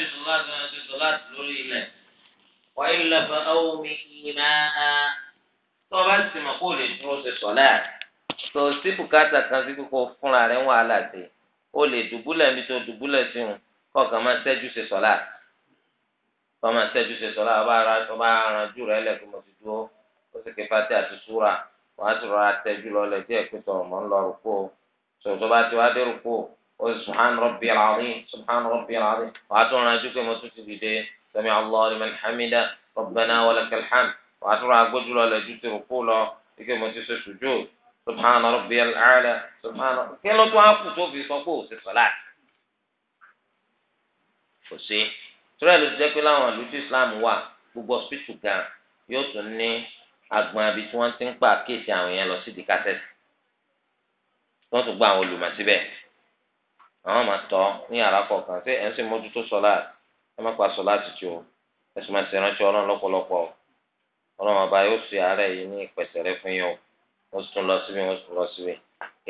النبي صلى الله عليه وسلم في صلاة الليل وإلا فأومئي ماء tó o bá sì mọ̀ kó o lè dúró ṣe sọ̀lá tó o sì bùkátà kan sí kókó fúnra rẹ̀ ń wà láti o lè dùbúlẹ̀ níbi tó dùbúlẹ̀ sí wọn kó kàn máa ṣẹ́jú ṣe sọ̀lá kó máa ṣẹ́jú ṣe sọ̀lá ọba ara ọba ara jù rẹ̀ lẹ̀ kó mo ti dúró ó sì ké fati àti súra wàá sì rọra tẹ́jú lọ lẹ̀ díẹ̀ pé tọ̀rọ̀ mọ́ ń lọ rúkó sọ̀tọ́ bá ti wá dé rúkó سبحان ربي العظيم سبحان ربي العظيم وأتونا نجوك متوتي سمع الله لمن حمده ربنا ولك الحمد وأتونا أقول له لجوت ركوله ike mo ti ṣe sùjú subhana rabbi al-ala subhana kí ló tó á kù tó fi sọ pé ò sí sọlá kò sí tóra ló ti jẹ pé láwọn àlùjọ islam wà gbogbo hospital gan yóò tún ní agbọn abi tí wọn ti ń pa kéèsì àwọn yẹn lọ sí di kásẹtì wọn tún gba àwọn olùmọ̀ síbẹ̀ àwọn máa tọ́ ní yàrá kọ̀ọ̀kan ṣé ẹ̀ ń sì mójútó sọ́lá ẹ má pa sọ́lá títí o ẹ sì máa ṣe ìrántí ọlọ́run lọ́pọ̀lọpọ̀ ọlọ́run ọba yóò ṣe àárẹ̀ yìí ní ìpẹ̀sẹ̀ rẹ fún yín o wọ́n sì tún lọ síbi wọ́n sì tún lọ síbi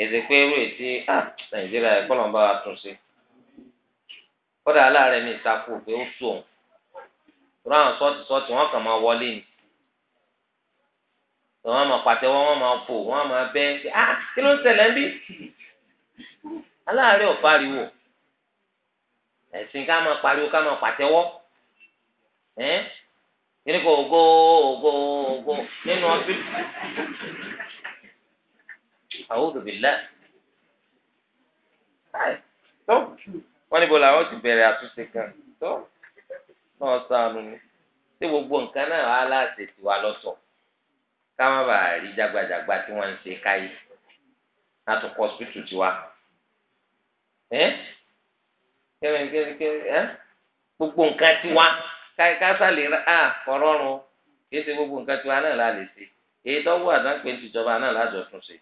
èdè pé irú ètí nàìjíríà ẹ̀kọ́ lọ́n bá wa tún sí kódà aláàárẹ̀ ní ìtakùn pé ó sùn òun ráhùn sọ́ọ̀tì sọ́ọ̀tì wọ́n kàn máa wọlé ni wọ́n máa pàtẹ́wọ́ wọ́n máa fò wọ́n máa bẹ́ kí ló ń ṣẹlẹ̀ ń bí aláàárẹ̀ ọ̀pariwo ẹ̀sìn ká máa pariwo ká máa pàtẹ́wọ́ ẹ́ kíni kò ògo ògo ògo nínú ọbí a'udhu billahi tó wọ́n níbo làwọn ti bẹ̀rẹ̀ àtúnṣe kan tó náà sànù ni tí gbogbo nǹkan náà wà láti tiwa lọ́tọ̀ ká má bàa rí jágbajàgba tí wọ́n ń ṣe káyé látòkọ́ hospital tiwa. ẹ kẹrin gbogbo nǹkan ra a kọrọrùn kìí ṣe gbogbo nǹkan tiwa náà la lè ṣe èyí tó wù àdánpé tìjọba náà lájọ tún ṣe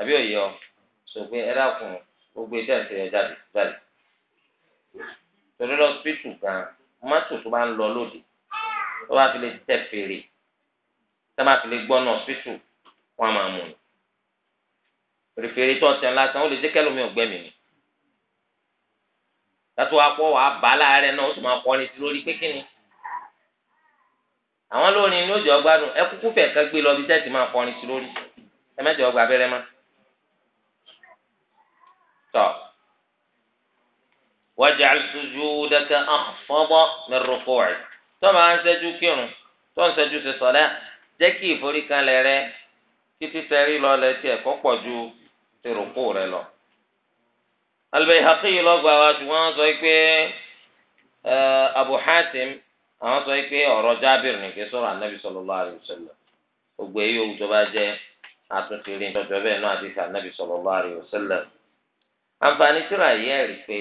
àbí òye ọ ṣògbé ẹ dákun gbogbo ìdá ìṣẹ̀lẹ̀ jáde jáde torí lọ gan tó bá ń lọ lóde tẹ fèrè tó bá fi lè gbọ́ náà wọn máa mú un tó ńlá ó lè tàtó akọ wàá bá láàárẹ̀ náà ó sì máa kọrin sí lórí pé kíni àwọn lórin ní òjò ọgbádùn ẹ kúkú fẹ kẹ gbé lọ bí tẹ́tì máa kọrin sí lórí ẹ mẹ́jọ ọgbà abẹ́rẹ́ má. tọ́ waj'al sujudaka akhfada min ruku'i tó máa ń ṣẹ́jú kírun tó ń ṣẹ́jú ṣe sọ̀lá jẹ́ kí ìforíkanlẹ̀ rẹ títí sẹ́rí lọ lẹ́tí ẹ̀kọ́ pọ̀ ju ti rúkú rẹ lọ. Al-Bayhaqi lọ́gbà wa ṣùgbọ́n sọ pé Abu Hatim àwọn sọ pé ọ̀rọ̀ Jábìrì ní kí sọ̀rọ̀ Ànábì sallallahu alaihi wasallam gbogbo èyí òwú tó bá jẹ́ àtúntì rí ìjọba bẹ́ẹ̀ náà àti Ànábì sallallahu alaihi wasallam. àǹfààní tíra yìí ẹ̀rí pé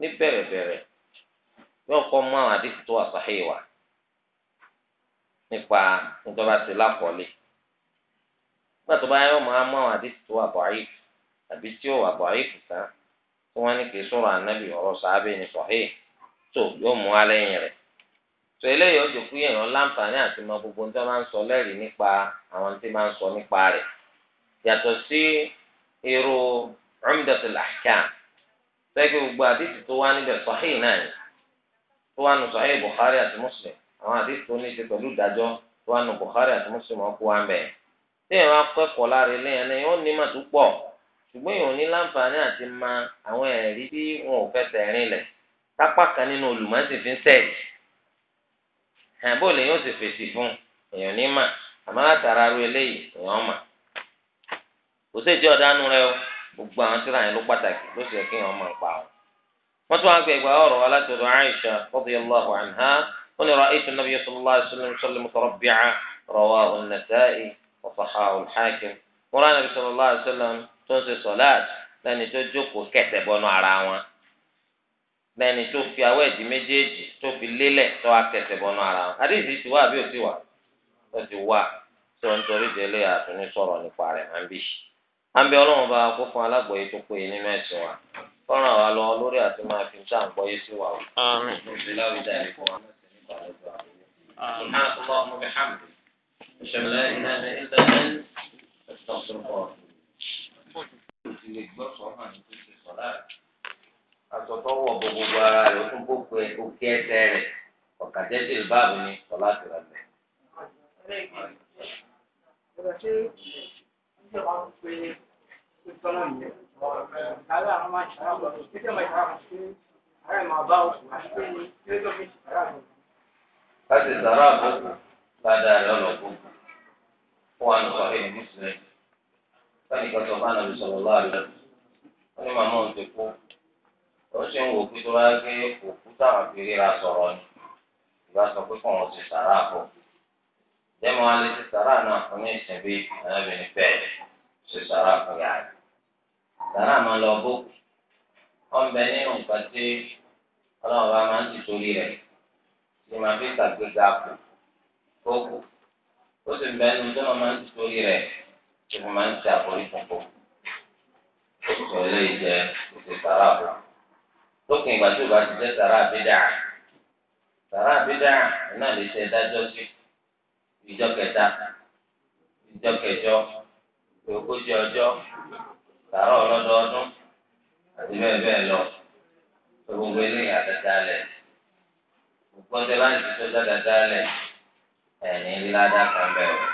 ní bẹ̀rẹ̀bẹ̀rẹ̀ yóò kọ́ mú àwọn àdìsí tó wà sahih wa nípa ìjọba ti lápọ̀lé nígbà tó bá yẹ wọn ni anabi kì í sọ̀rọ̀ ànábì ọ̀rọ̀ sàábẹ̀ ní sọ̀hìn tó yóò mú alẹ́yìn rẹ̀ tó eléyìí ó jòkú èèyàn láǹfààní àti mọ gbogbo tí wọ́n máa ń sọ lẹ́rìí nípa àwọn tí máa ń sọ nípa rẹ̀ yàtọ̀ sí irú Umdatul Ahkam sẹ́kì gbogbo àdìsí tó náà ni tó àti Muslim àwọn àdìsí tó ní tó àti Muslim wa ń ṣùgbọ́n èèyàn ní láǹfààní àti ma àwọn ẹ̀rí bí wọn ò fẹsẹ̀ rìn lẹ̀ tápá kan nínú olùmọ̀sìn fi ń sẹ́ẹ̀lì àbò lèyìn ò sì fèsì fún èèyàn ní mà àmọ́ látara eléyìí èèyàn mà kò rẹ o gbogbo àwọn tíra yẹn ló pàtàkì ló sì yẹ kí èèyàn mà pa o. wọ́n tún wá gbé ọ̀rọ̀ wa láti ọ̀dọ̀ tó ń ṣe sọláàt lẹ́ni tó jókòó kẹsẹ̀ bọ́nú ara wọn lẹ́ni tó fi awọ ẹ̀dí méjèèjì tó fi lélẹ̀ tó wá kẹsẹ̀ bọ́nú ara wọn àdéhìí ti wá àbí ò ti wà ó ti wà tó ń torí délé àtúní sọ̀rọ̀ nípa rẹ̀ máa ń bì á ń bẹ ọlọ́run bá kó fún alágbọ̀yé tó péye nínú ẹ̀sìn wa fọ́nrán àwa lọ lórí àti máa fi ń sàǹgbọ́yé sí wa o. سبحانك اللهم وبحمدك أشهد أن لا إله إلا أنت أستغفرك ti lè gbọ́ sọ́kàn ní ti ṣe sọ́lá rẹ̀. aṣọ tó wọ̀ bọ gbogbo ara rẹ̀ ó tún gbogbo ẹ̀ òkè ẹsẹ̀ rẹ̀ ọ̀kadẹ́ sì lè báàbò ní sọ́lá tó rẹ̀ lẹ̀. láti sàrà àbùkù ládàá rẹ̀ ọ̀nà gbogbo wọn sọ èyí mùsùlùmí sani kan sọ fún sọlọ lọ àlọ wọn ni màmá òun ti kú wọn ṣe ń wò pé tó bá gé òkú táwọn fi ríra sọ̀rọ̀ ni ìbá sọ pé kóun ti sàrà bọ jẹmọ́ alẹ ti sàrà náà fún ní ìsìn bí arábìnrin bẹ́ẹ̀ ṣe sàrà fún yàrá sàrà máa lọ bó wọn bẹ nínú nǹkan tí Ọlọ́run bá máa ń ti torí rẹ̀ ni màá fi ṣàgbéga kù ó ó sì bẹ nínú tí wọn máa ń ti torí rẹ̀. ibi máa ń ṣe àforí funfun oṣù ilé jẹ oṣù sàrà àbò lókè ìgbà tí o bá ti jẹ sàrà àbídà sàrà àbídà náà lè ṣe dájọ́ sí ìjọ kẹta ìjọ kẹjọ ogójì ọjọ́ sàrà ọlọ́dọọdún àti bẹ́ẹ̀ bẹ́ẹ̀ lọ gbogbo gbogbo ọjọ́ láti dáadáa bẹ́ẹ̀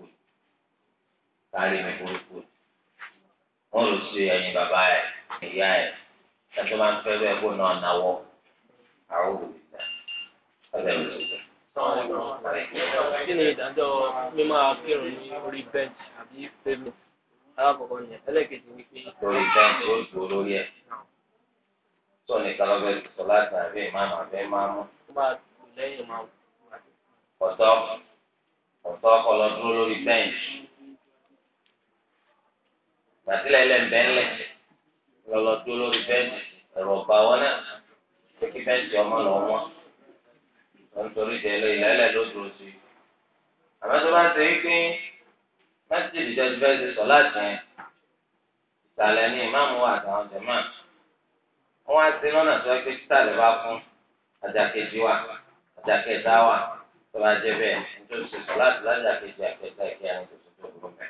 kárí ní burúkú wọn lọ sí ẹyin bàbá ẹ ìyá ẹ ẹtọ máa ń fẹ́ bẹ́ẹ̀ kó náà náwó àwọn olùdíjà ọlẹ olùdíjà. kí ni ìdájọ́ mímọ́ akérò ní orí bẹ́ǹtì àbí fẹ́mi alákọ̀ọ́kọ́ yẹn ẹlẹ́kejì ni pé. lórí bẹ́ǹtì ó dùn lórí ẹ̀ sọ ní kalọ́bẹ̀ sọ láti àbí ìmáàmù àbí ìmáàmù. ó máa lẹ́yìn máa. ọ̀tọ̀ ọ̀tọ̀ ọkọ̀ lọ dúró lórí bẹ́ǹtì gbàtílẹ̀ ẹlẹ́mbẹ́ ńlẹ̀ lọ́lọ́ dúró lórí bẹ́ẹ̀dì ẹ̀rọ ọ̀bà wọn náà pé kí bẹ́ẹ̀dì ọmọ lọ wọn wọn torí ìdẹ́lẹ̀ ìlẹ́lẹ̀ ló dúró sí i. àmọ́ tó bá ń ṣe wípé mẹ́tì ìdíjọ́jú bẹ́ẹ̀ ti sọ láti yẹn ìsàlẹ̀ ni ìmáàmù wà àtàwọn jẹ̀mọ́ wọn wá sí lọ́nà tó wáyé pé títàlẹ̀ bá fún àjàkejì wa àjàkẹta wa tó bá jẹ bẹ́ẹ̀ nítorí sọ láti lájàkejì àkẹta ìkẹyà nítorí tó dúró bẹ́ẹ̀.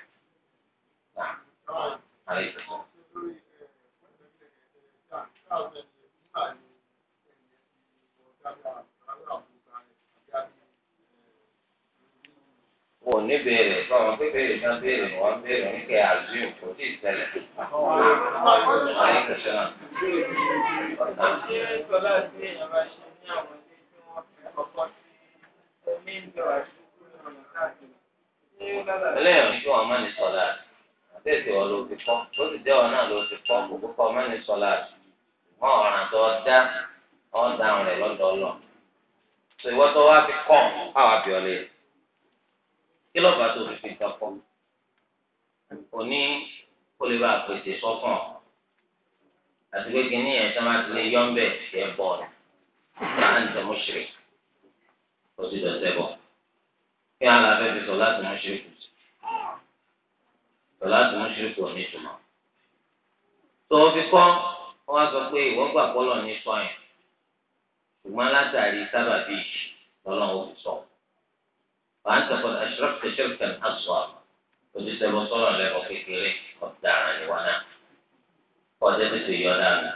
عليه السلام wò ní béèrè fọwọ́n pé béèrè náà béèrè ni wọ́n ní kẹ́ àzíù kò tí ì tẹ̀lẹ̀. ẹlẹ́yìn tí wọ́n máa ń sọ̀lá bẹ́ẹ̀ tí wọn ló ti kọ́ ó sì jẹ́ wọn náà ló ti kọ́ kò kókó ọmọ ní sọlá wọn ọ̀ràn tó dá wọn dáhùn rẹ̀ lọ́dọ̀ ọlọ tó ìwọ tó wá fi kọ́ àwọn abíọ́lẹ̀ kí ló bá tó fi fi nǹkan kọ́ òní kó lè bá pèsè sọ́kàn àti pé kínní ẹ̀ sọ́mà ti lè yọ́ ń bẹ̀ ẹ̀ bọ̀ náà ń tẹ̀ mú ṣeré ó sì dọ̀tẹ̀ bọ̀ kí wọn làá fẹ́ fi sọ láti mú ṣeré kù sọláàtì mọ́ṣíríkì ò ní ìtumọ̀. tó o fi kọ́ ọ wá sọ pé ìwọ gbà pọ́lọ̀ ní sọ́yìn ṣùgbọ́n látàrí sábàbí lọ́lọ́ ò fi sọ. wàá ń sọ̀kọ̀ àṣírọ́pù ṣẹ́fẹ̀ àṣọ ojú tẹ bọ́ sọ́rọ̀ lẹ́kọ̀ọ́ kékeré ọ̀daràn ni wọn náà ọ̀dẹ́ tètè yọ dáadáa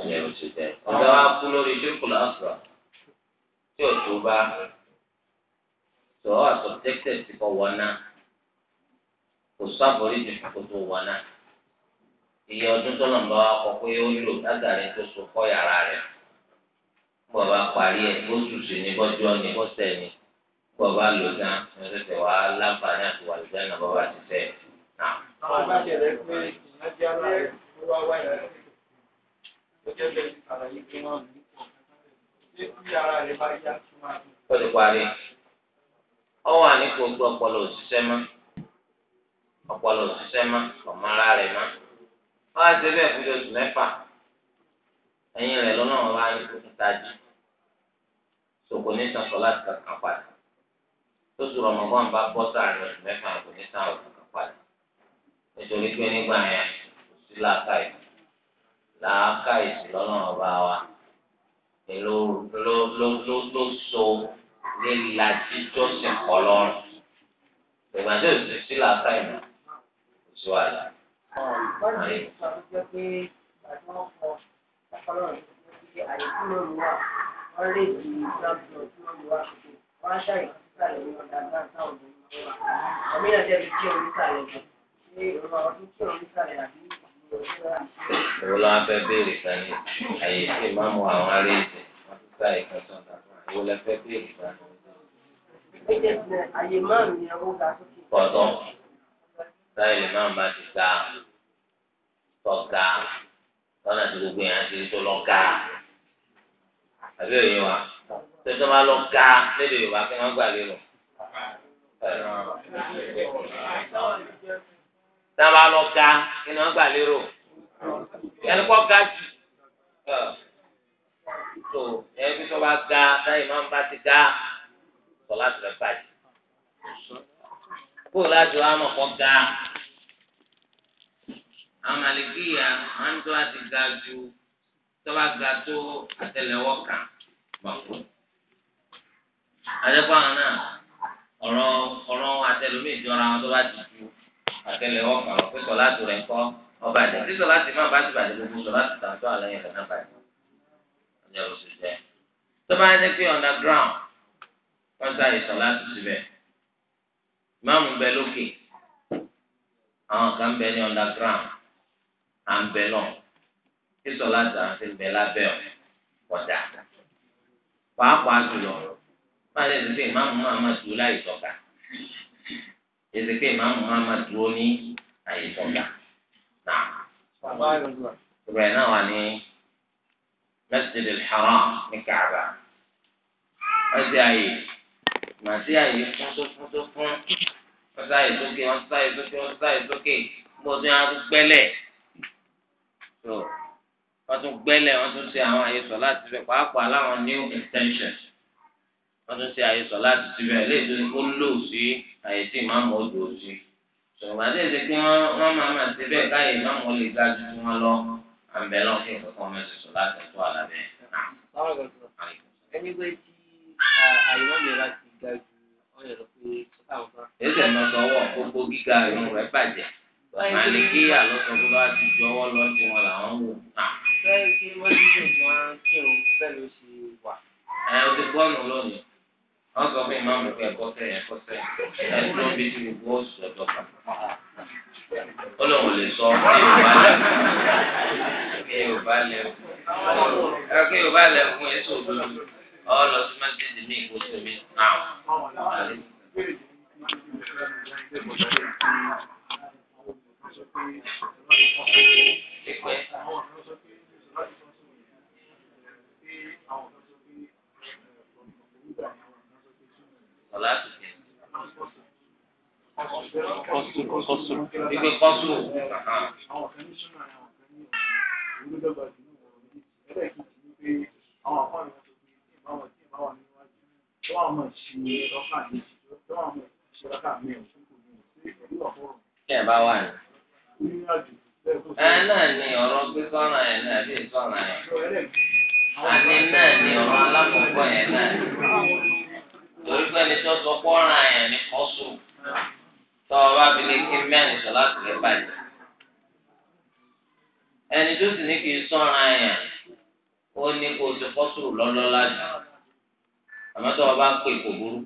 ọ̀nà ẹ̀rọ ti tẹ̀. ọ̀dọ́ wa kú lórí ṣírkù lásìrò tí ò tó bá sọ ọ́ àsọ̀tẹ́tẹ̀ ti kọ́ wọn náà kò sábòríjì kótó wọn náà iye ọdún tó lọ́nà bá kọ pé ó lò látàrí tó so kọ́ yàrá rẹ̀ bọ́ bá parí ẹ̀ bó tùsù ní bọ́jọ́ ní bọ́sẹ̀ ní bọ́ lò tán ní ọ̀sẹ̀ wà á láǹfààní àti wà lùdá náà bọ́ ti fẹ́ ó ti parí ọ wà ní gbogbo ọpọlọ òṣìṣẹ́ máa ọpọlọ òṣìṣẹ́ má ọmọ ara rẹ̀ má wọn á ṣe bẹ́ẹ̀ fúnjọ oṣù mẹ́fà ẹ̀yìn rẹ̀ lọ́nà wọn bá ní kókó tájú ṣòkò ní sàn sọlá ti kankan padà tó sùn Ramadan bá bọ́ sáàrin oṣù mẹ́fà kò ní sàn ọ̀rọ̀ kankan padà nítorí pé nígbà yẹn kò sí làákàyè làákàyè sí lọ́nà ọba wa ló ló ló ló so lílajì tó sì kọ́ lọ́rùn ìgbà tó sì sí làákàyè náà sọ àlà. bọ́ọ̀lù ìgbà tó jẹ́ pé ìgbà tí wọ́n kọ ọpọlọ rẹ̀ ti pé àyè tí ló lù wá wọ́n lè di ìgbàgbọ́ tí ló lù wá ṣùgbọ́n wọ́n á ṣàyè sísàlẹ̀ ní ọ̀dà gbà táwọn obìnrin wọn wà. ọmọ ìyá jẹ́ bí kí òun sàlẹ̀ jù ṣé ìrora ọdún kí òun sàlẹ̀ àbí Èrò la fẹ́ béèrè kan ní àyè tí ìmáàmù àwọn ará ìjẹ wọn ti sá ìkan sọ̀tà fún àyè lẹ fẹ́ béèrè kan. Ẹ̀jẹ̀ táyìlì máa bá ti ga tọ́ga lọ́nà tí gbogbo yẹn ti tó lọ ga àbí òye wa tẹ́tọ́ máa lọ ga lédè Yorùbá kí wọ́n gbà lérò tẹ́tọ́ máa lọ ga kí wọ́n gbà lérò ẹni kọ́ ga jù tó ẹni tó bá ga táyìlì máa bá ti ga sọ láti rẹ bàjẹ́ kó láti wá mọ̀ kọ́ ga àwọn màlìkíyà wọn tó bá ti ga ju tó bá ga tó àtẹ́lẹwọ́ kan gbàgbọ́ adẹ́kọ̀ àwọn náà ọ̀rọ̀ ọ̀rọ̀ àtẹlómi ìjọra wọn tó bá ti ju àtẹ́lẹwọ́ kan lọ pé sọlá tó rẹ̀ kọ́ ọba àdé tí sọlá ti má bá ti bàjẹ́ gbogbo sọlá ti tàn tó àlẹ́yìn rẹ̀ náà bàjẹ́ ọjà oṣù jẹ́ tó bá pé underground wọ́n sáré sọlá tó síbẹ̀ ìmáàmù bẹ lókè àwọn kan bẹ ní underground ń bẹ náà tí sọlá tà ń ti bẹ lábẹ́ ọ̀ kọjá pàápàá jùlọ má lè ṣe pé ìmáàmù máa máa dúró láì sọ̀ka èsì pé ìmáàmù máa máa dúró ní àyè sọ̀ka náà. ìbẹ̀rẹ̀ náà wà ní Masjid al-Haram ní Kaaba wọ́n ti àyè màtí àyè fúnfúnfún fún wọ́n sáyè sókè wọ́n sáyè sókè wọ́n sáyè sókè gbọ́dọ̀ yẹn á gbẹ́lẹ̀ so wọ́n tún gbẹ́lẹ̀ wọ́n tún ṣe àwọn àyè sọ láti bẹ̀ pàápàá láwọn new intentions wọ́n tún ṣe àyè sọ láti ti bẹ̀ léèdè ó lò sí àyè tí ìmáàmù ó lò sí ṣùgbọ́n àti èdè pé wọ́n wọ́n máa máa ti bẹ́ẹ̀ káyè ìmáàmù ó lè ga ju wọn lọ àǹbẹ̀ lọ fún ìkọ̀kọ́ mẹ́sì sọ láti tó àlàbẹ̀. ẹni pé tí àyè wọn lè ga ju ọyọ̀ pé ó táwọn bá. èsì ẹ̀ sọ ọwọ́ gbogbo gíga ìrùn rẹ̀ bàjẹ́ màlìkíyà lọ́sọ̀ tó bá ti jọwọ́ lọ tí wọn làwọn wò bẹ́ẹ̀ kí wọ́n ti dùn tí kí òun bẹ́ẹ̀ ló ṣe wà. ẹ o ti gbọ́ nù lónìí wọ́n sọ fún ìmáàmù pé ẹ̀kọ́ sẹ́yìn ẹ̀kọ́ sẹ́yìn ẹ̀ tó ń bí tí gbogbo oṣù ọ̀dọ́ kan. ó lóun lè sọ kí yorùbá lẹ kí yorùbá lẹ fún ètò òdodo ọ lọ sí mẹ́tẹ́ẹ̀dì ní ìkóso mi náà. Falato? Posso, posso, dico, posso... Kẹ̀ bá wà ní. ẹ náà ni ọ̀rọ̀ gbígbọ́ràn ẹ̀ náà bí ìtọ́ràn ẹ̀ àní náà ni ọ̀rọ̀ alákọ̀ọ́kọ́ ẹ̀ náà torí pé ẹni tó sọ pọ́nrán ẹ̀ ní kọ́sù tó o bá fi lè kí mẹ́rin sọ láti lè bàjẹ́ ẹni tó sì ní kí n sọ́nrán ẹ̀ ó ní kó o ti kọ́sù lọ́lọ́lá jù àmọ́ tó bá pè kò burú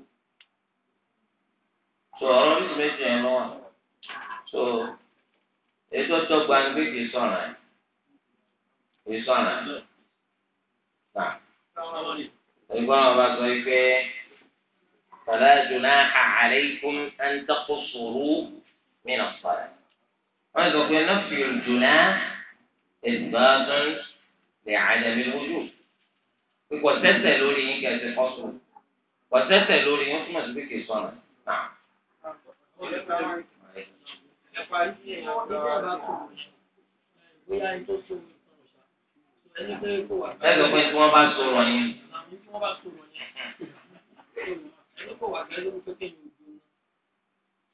tó ọ̀rọ̀ méjì méjì ẹ̀ lọ́wọ́ ètò ọ̀dọ́gba ni pé kì í sọ̀rọ̀ ẹ̀ kì í sọ̀rọ̀ ẹ̀ nà ẹgbẹ́ wọn bá sọ pé fala junaha alaykum an taqsuru min as-salat wọ́n sọ pé nafyu al-junah isbatun li adam al-wujub kò tẹ́sẹ̀ lórí yín kẹsì kọ́sùn kò tẹ́sẹ̀ lórí yín fún ẹ̀sìn pé kì sọ̀rọ̀ nà ẹ̀pà sí èèyàn tó bá tó bóyá ẹni tó so ẹni pé kò wà. ẹ lọ pé tí wọ́n bá so rọ yẹn. àmì tí wọ́n bá so rọ yẹn. ẹni kò wà gẹ́gẹ́ ló ń pé kéèyàn ojú ọ̀nà.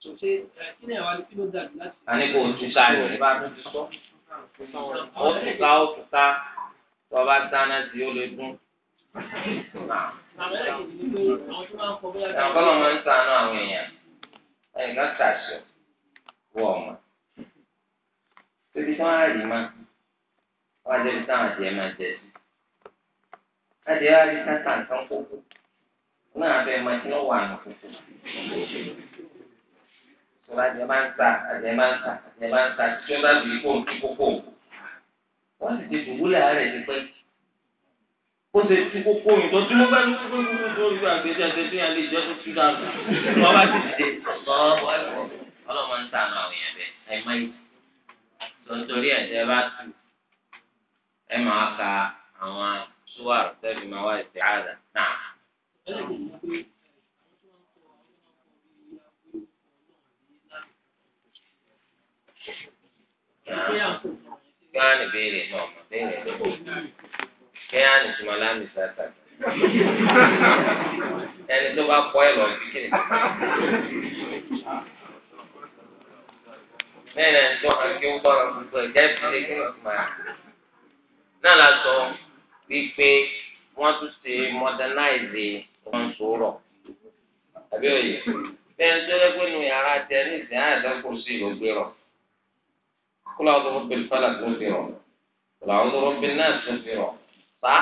kò ṣe kí ni àwa kí ló dàbí láti. a ní kò tún sáré rẹ bá tún ti sọ. ó tún ó tún tó bá dáná sí ó lè dún. Àwọn ọlọ́mọ ń sànú àwọn èèyàn. Ẹnìkan tàṣọ wọ́n ọ̀mà tóbi tí wọ́n á rí ma wọ́n á jẹ́bi táwọn àti ẹ̀ máa jẹ sí láti ẹ̀ rí sáta nǹkan kókó náà abẹ́ máa ti náà wà nù kókó tó bá máa ń ta àjẹ́ máa ń ta àjẹ́ máa ń ta tí wọ́n bá bì í kó kókó wọ́n sì ti dùbúlẹ̀ àárẹ̀ ti pẹ́ ó ṣe ti kókó yìí tó dúró bá dúró dúró dúró dúró àgbẹ̀jẹ̀ àgbẹ̀jẹ̀ yẹn lè jẹ́ tó tú dáa lọ́wọ́ bá ti dé lọ́wọ́ ọlọ́mọ ń sànù àwọn èèyàn bẹ́ẹ̀ ẹ má yìí tontori ẹ̀jẹ̀ bá tù ẹ máa ka àwọn suwárù tẹ́bi máa wá ìsì àdà náà. Kí á ní béèrè náà mà béèrè náà? Kí á ní sùnmọ́ lámì sáta? Ẹni tó bá kọ́ ẹ̀ lọ sí kí ni? bẹ́ẹ̀ náà tó máa kí ń tọrọ gbogbo ẹ̀jẹ̀ ìdílé kí wọ́n máa. náà la sọ wípé wọ́n tún ṣe modernize ohun sòrọ̀ àbí òye bẹ́ẹ̀ ní tọ́jú pé nu yàrá tẹ ní ìsìn àádọ́kùn sí ìlógbé rọ̀ kúlọ̀ ọdún rọ̀ bẹ̀rẹ̀ fọlá tó fi rọ̀ kúlọ̀ ọdún rọ̀ bẹ̀rẹ̀ náà tó fi rọ̀ fa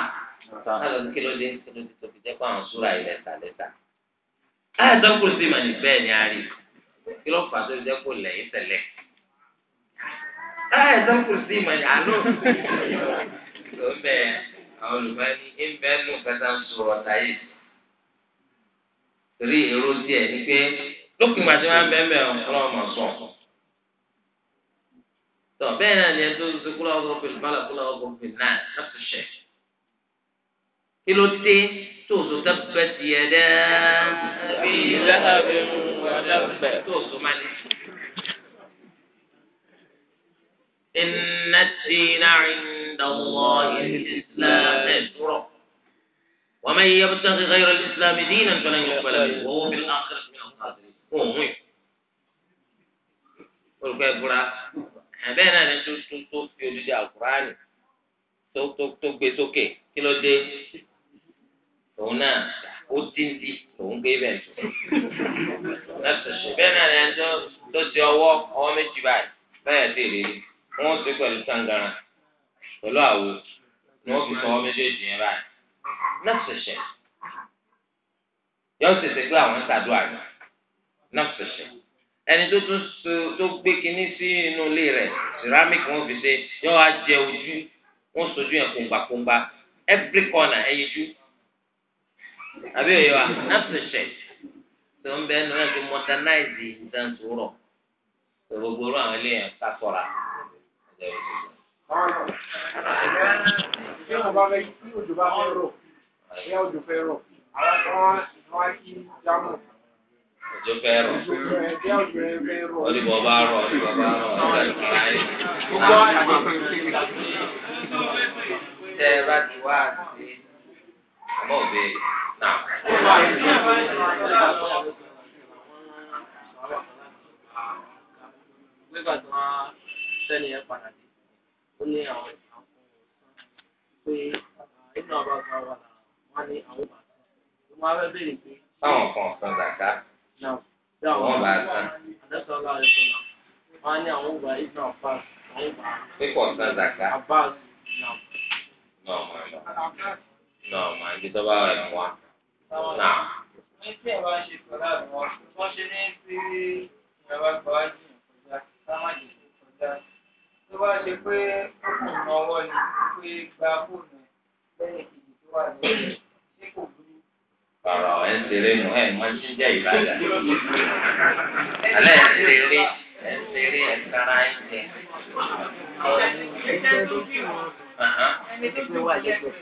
alọ kí ló dé kí ló dé tó fi jẹ́ pé àwọn sóra ilẹ̀ ta lẹ́ta àádọ́kùn sí ìmọ̀ níbẹ̀ ni a rí kí ló fà tó fi jẹ́ kó lẹ̀ yín tẹ̀lẹ̀ Ah, ẹ sọ kù sí ìmọ̀ ẹ̀yà lọ. ló ń bẹ àwọn olùmọ̀ẹ́ni ń bẹ nù kẹta ń sọ ọ̀tá yìí. torí èrò díẹ̀ ni pé lókùn ìgbà tí wọ́n bẹ́ẹ̀ bẹ́ẹ̀ ọ̀rọ̀ ọmọ sọ. tọ́ bẹ́ẹ̀ náà ni ẹ tó ń sọ kúlọ̀ ọgọ́ pẹ̀lú bálà kúlọ̀ ọgọ́ pẹ̀lú náà láti ṣẹ̀. kí ló dé tó sọ tẹ́pẹ́ tiẹ̀ dẹ́ẹ́ bí ilé إن الدين عند الله الإسلام الدرة ومن يبتغي غير الإسلام دينا فلن يقبل منه وهو في الآخرة من الخاسرين هو مهم olùkọ́ ẹ̀bùra bẹ́ẹ̀ náà ni tó tó tó fi odidi àkùránì tó tó tó gbé sókè kí ló dé òun náà ó díndín òun gbé bẹ́ẹ̀ tó bẹ́ẹ̀ náà ni tó ti ọwọ́ ọwọ́ méjì báyìí báyà sí ìrírí wọ́n ṣe pẹ̀lú sangara pẹ̀lú àwo ni wọ́n fi sọ ọ́ méjèèjì yẹn báyìí nọ́ọ̀sẹ̀ṣẹ̀ yọ ṣẹṣẹ pé àwọn ṣàdúrà rẹ nọ́ọ̀sẹ̀ṣẹ̀ ẹni tó tún so tó gbé kinní sí inú ilé rẹ ceramic wọ́n fi ṣe yọ wá jẹ ojú wọ́n sojú yẹn kóńgbàkóńgbà every corner ẹyẹjú àbí òye wa nọ́ọ̀sẹ̀ṣẹ̀ tó ń bẹ ẹnu náà ti modernize ìdánsóró gbogbo àwọn ilé yẹn ká sọ̀rọ̀ àná ṣé wọn bá fẹ́ kí òjò bá fẹ́ rọ̀ ìyá òjò fẹ́ rọ̀ àwọn àwọn akí jámù. òjò fẹ́ rọ̀ olùbọ̀ bá rọ̀ olùbọ̀ bá rọ̀ ọ̀rọ̀ ìgbà yẹn. tẹ́ ẹ bá ti wá àti àmọ́ òbí náà. sẹ́ni ẹ̀ padà dé ó ní àwọn ìtàn fún un pé inú àbá gba wà lára wọn ní àwọn bá tán máa fẹ́ béèrè pé. táwọn kan san zaka. náà wọn bá tán. àdẹ́sọ̀ ọlá rẹ̀ sọ̀rọ̀ wọn á ní àwọn ògbà ibn abbas àwọn ògbà. pípọ̀ san zaka. abbas náà. náà mà náà mà ibi tó bá wà ẹ̀ wá. náà. ní tí ẹ̀ bá ṣe sọ̀rọ̀ àwọn wọ́n ṣe ní sí ìjọba gbọ́dọ̀ kọjá sáwọn àjèjì kọjá tó bá ṣe pé fóònù ọwọ́ ni pé gba fóònù lẹ́yìn kejì tó wà lẹ́yìn ṣé kò burú. bàbá ẹ ń ṣeré nù ẹ mọ sí jẹ ìlàjà alẹ ẹ ń ṣeré ẹ ń ṣeré ẹ sára ẹ ń jẹ. ẹni tó ti wà lẹ́gbẹ̀ẹ́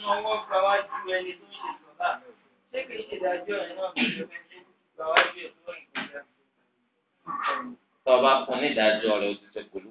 fóònù ọwọ́ gba wá ju ẹni tó ń ṣe sọ́lá ṣé kì í ṣe ìdájọ́ ẹ̀ náà kí ló fẹ́ gba wá ju ẹ̀ tó ń ṣe sọ́lá. tọ́ba fún nídàájọ́ rẹ̀ ó ti ṣe pẹ̀lú